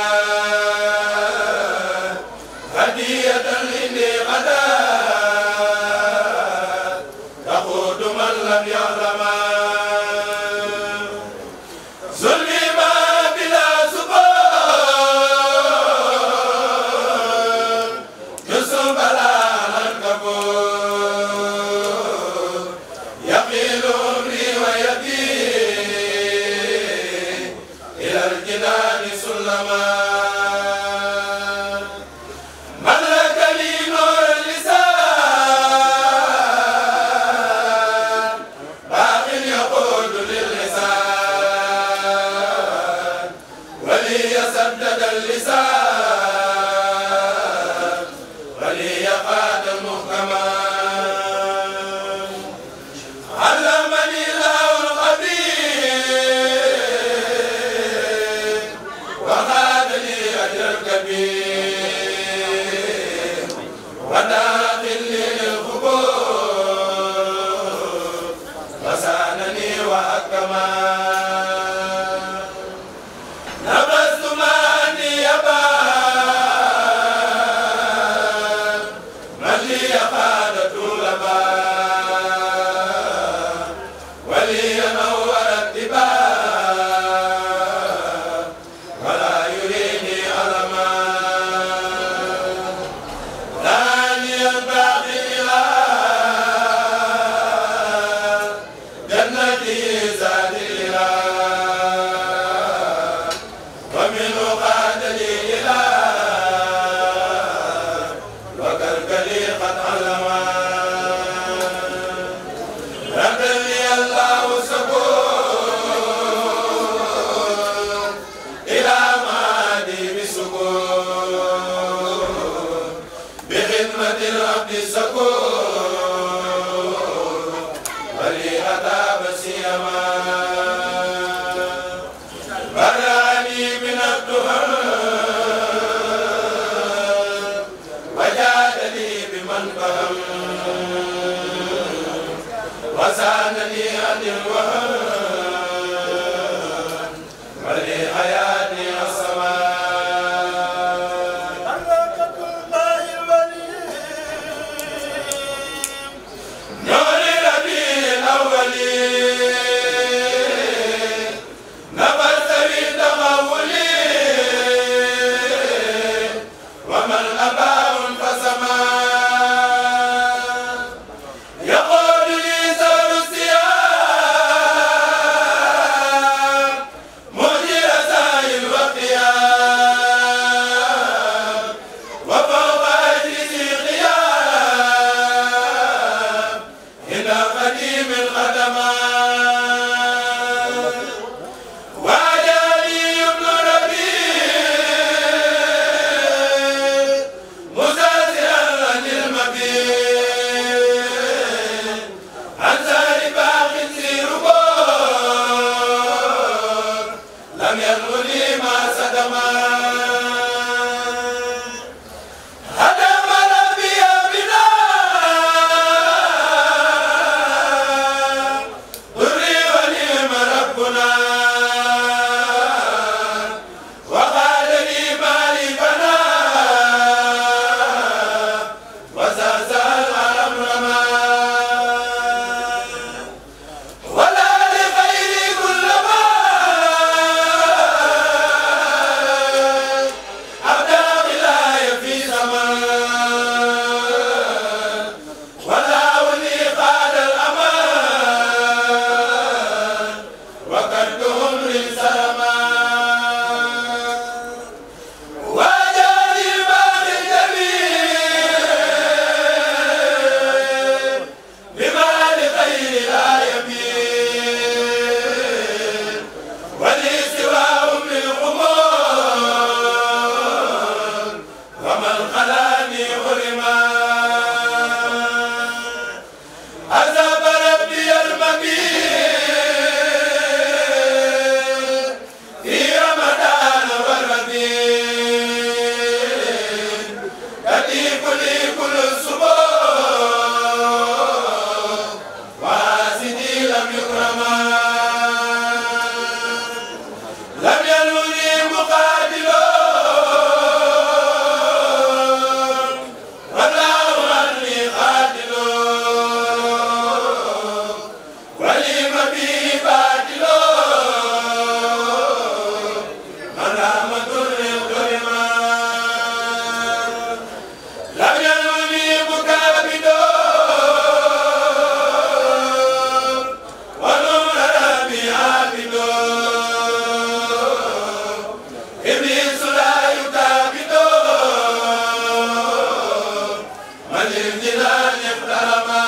a siyama للجلال احترما